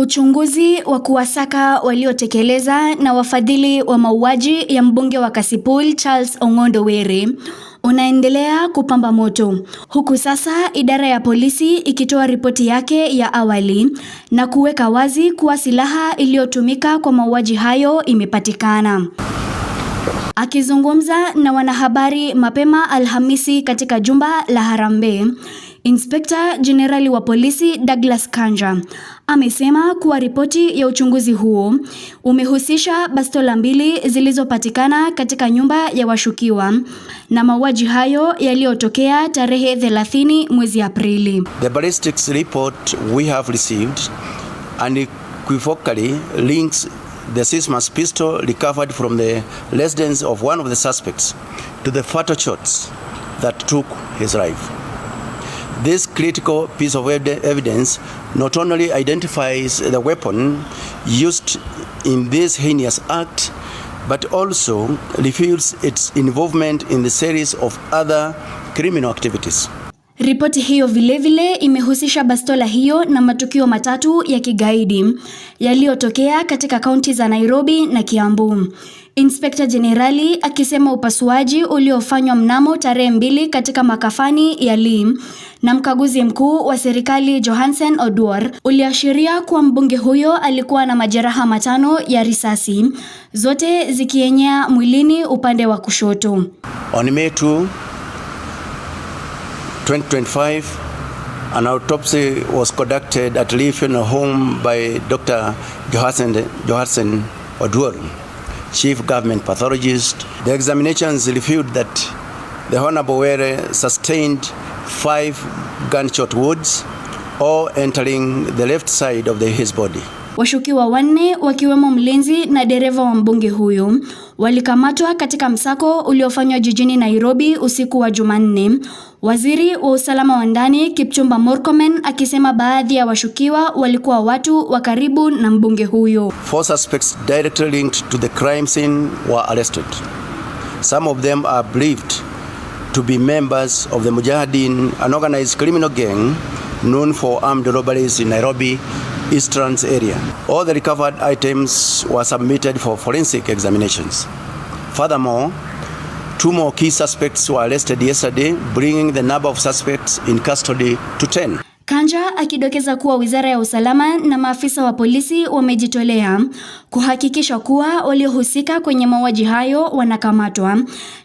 Uchunguzi wa kuwasaka waliotekeleza na wafadhili wa mauaji ya mbunge wa Kasipul Charles Ong'ondo Were unaendelea kupamba moto huku sasa idara ya polisi ikitoa ripoti yake ya awali na kuweka wazi kuwa silaha iliyotumika kwa mauaji hayo imepatikana. Akizungumza na wanahabari mapema Alhamisi katika jumba la Harambee Inspekta Jenerali wa polisi Douglas Kanja amesema kuwa ripoti ya uchunguzi huo umehusisha bastola mbili zilizopatikana katika nyumba ya washukiwa na mauaji hayo yaliyotokea tarehe 30 mwezi Aprili. The ballistics report we have received unequivocally links the Sismas pistol recovered from the residence of one of the suspects to the fatal shots that took his life. This critical piece of evidence not only identifies the weapon used in this heinous act, but also reveals its involvement in the series of other criminal activities. Ripoti hiyo vilevile imehusisha bastola hiyo na matukio matatu ya kigaidi yaliyotokea katika kaunti za Nairobi na Kiambu. Inspekta Jenerali akisema upasuaji uliofanywa mnamo tarehe mbili katika makafani ya Lim na mkaguzi mkuu wa serikali Johansen Oduor uliashiria kuwa mbunge huyo alikuwa na majeraha matano ya risasi, zote zikienyea mwilini upande wa kushoto. On May 2, 2025. An autopsy was conducted at Lee Funeral Home by Dr. Johansen, Johansen Oduor, Chief Government Pathologist. The examinations revealed that the Honorable Were sustained five gunshot wounds, all entering the left side of the, his body. Washukiwa wanne wakiwemo mlinzi na dereva wa mbunge huyo walikamatwa katika msako uliofanywa jijini Nairobi usiku wa Jumanne. Waziri wa usalama wa ndani Kipchumba Murkomen akisema baadhi ya washukiwa walikuwa watu wa karibu na mbunge huyo. Four suspects directly linked to the crime scene were arrested. Some of them are believed to be members of the Mujahideen, an organized criminal gang known for armed robberies in Nairobi. East area. All the recovered items were submitted for forensic examinations. Furthermore, two more key suspects were arrested yesterday, bringing the number of suspects in custody to 10. Kanja akidokeza kuwa wizara ya usalama na maafisa wa polisi wamejitolea kuhakikisha kuwa waliohusika kwenye mauaji hayo wanakamatwa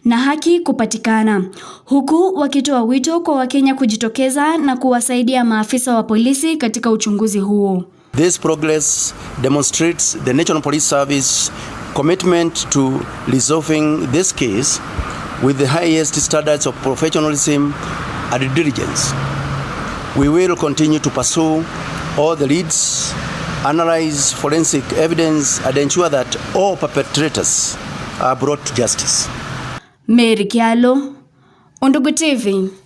na haki kupatikana, huku wakitoa wito kwa Wakenya kujitokeza na kuwasaidia maafisa wa polisi katika uchunguzi huo. This progress demonstrates the National Police Service commitment to resolving this case with the highest standards of professionalism and diligence. We will continue to pursue all the leads, analyze forensic evidence and ensure that all perpetrators are brought to justice. Mary Kyalo, Undugu TV.